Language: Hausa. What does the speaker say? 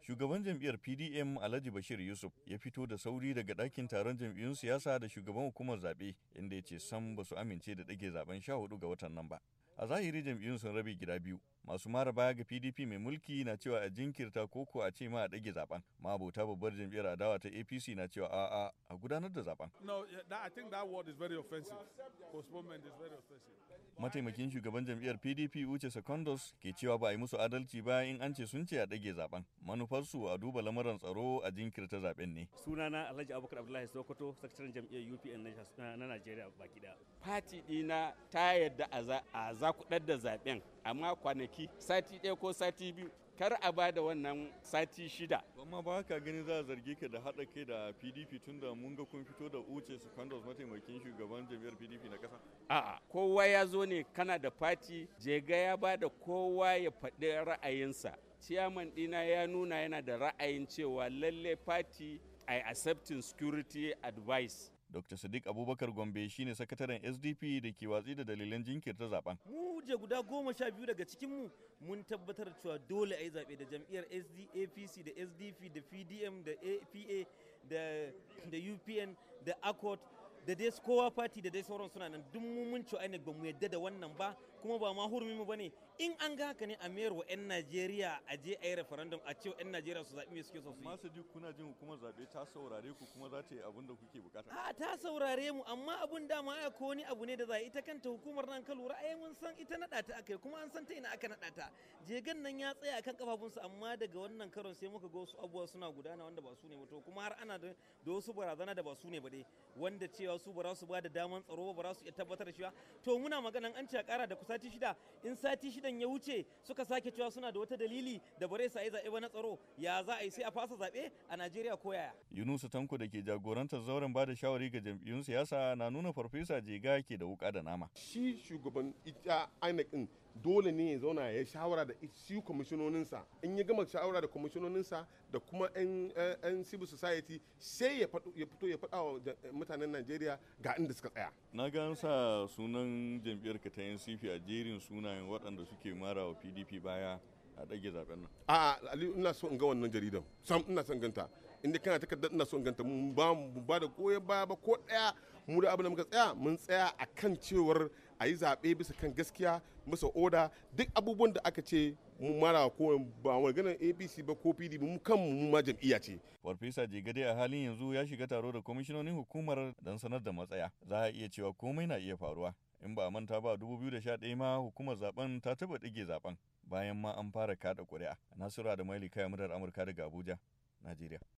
Shugaban jam'iyyar PDM Alhaji Bashir Yusuf ya fito da sauri daga ɗakin taron jam'iyyun siyasa da shugaban hukumar zaɓe inda ya ce san ba su amince da ɗage zaben 14 ga watan nan ba. a zahiri jam'iyyun sun rabe gida biyu masu mara baya ga pdp mai mulki na cewa a jinkirta koko a ce ma a ɗage zaben mabota babbar jam'iyyar adawa ta apc na cewa a'a a gudanar da zaben mataimakin shugaban jam'iyyar pdp uche secondos ke cewa ba a yi musu adalci ba in an ce sun ce a ɗage zaben manufarsu a duba lamuran tsaro a jinkirta zaben ne sunana alhaji abubakar abdullahi sokoto sakataren jam'iyyar upn na najeriya baki daya fati ɗina ta yadda a za cakuɗar da zaben amma kwanaki sati ɗaya ko sati biyu kar a ba da wannan sati shida. amma ba ka gani za a zargi ka da haɗa kai da pdp tun da mun ga kun fito da uce su kandos mataimakin shugaban jam'iyyar pdp na ƙasa. a'a kowa ya zo ne kana da fati jega ya ba da kowa ya faɗi ra'ayinsa ciyaman ɗina ya nuna yana da ra'ayin cewa lalle fati i accepting security advice Dr. Sadiq Abubakar Gombe shine sakataren SDP da ke watsi da dalilan jinkirta zaben. Mu je guda goma sha biyu daga cikin mu mun tabbatar cewa dole a yi zaɓe da jam'iyyar APC da SDP da PDM da APA da UPN da ACOT da dai kowa fati da dai sauran suna nan duk mu mun ci INEC ba mu yadda da wannan ba kuma ba ma hurumi mu bane in an ga haka ne a mayar wa 'yan Najeriya a je a yi referendum a ce 'yan Najeriya su zaɓi me suke so su yi. Masu duk kuna jin hukumar zaɓe ta saurare ku kuma za ta yi abin da kuke bukata. A ta saurare mu amma abun dama ai ko wani abu ne da za a ita kanta hukumar nan ka lura ai mun san ita naɗa ta aka kuma an san ta ina aka naɗa ta. Jegan nan ya tsaya kan kafafunsa amma daga wannan karon sai muka ga wasu abubuwa suna gudana wanda ba su ne ba to kuma har ana da wasu barazana da ba su ne ba dai wanda cewa su ba su ba daman tsaro ba za su iya tabbatar da cewa to muna maganan an ce a kara da ku sati shida in sati shidan ya wuce suka sake cewa suna da wata dalili da bare sa yi zaɓe ba na tsaro ya za a yi sai a fasa zaɓe a Najeriya ko yaya Yunusu Tanko da ke jagorantar zauren bada shawari ga jam'iyyun siyasa na nuna farfesa jega ke da wuka da nama shi shugaban ita INEC din dole ne ya zauna ya shawara da shi kwamishinoninsa in ya gama shawara da kwamishinoninsa da kuma 'yan civil society sai ya fito ya faɗa wa mutanen najeriya najeriya ga inda suka tsaya na gan sa sunan jam'iyyar ka ta ncp a jerin sunayen waɗanda suke mara wa pdp baya a ɗage zaben nan a ali ina so in ga wannan jaridan sam ina son ganta inda kana takardar ina so in ganta mun ba mu ba da baya ba ko ɗaya mu da abin da muka tsaya mun tsaya akan cewar a yi zaɓe bisa kan gaskiya bisa oda duk abubuwan da aka ce mu mara ko ba maganar apc ba ko pdp mu kan mu ma jam'iyya ce farfesa jigade a halin yanzu ya shiga taro da kwamishinonin hukumar dan sanar da matsaya za a iya cewa komai na iya faruwa in ba a manta ba daya ma hukumar zaben ta taba dige zaben bayan ma an fara kada ƙuri'a nasura da maili kai murar amurka daga abuja najeriya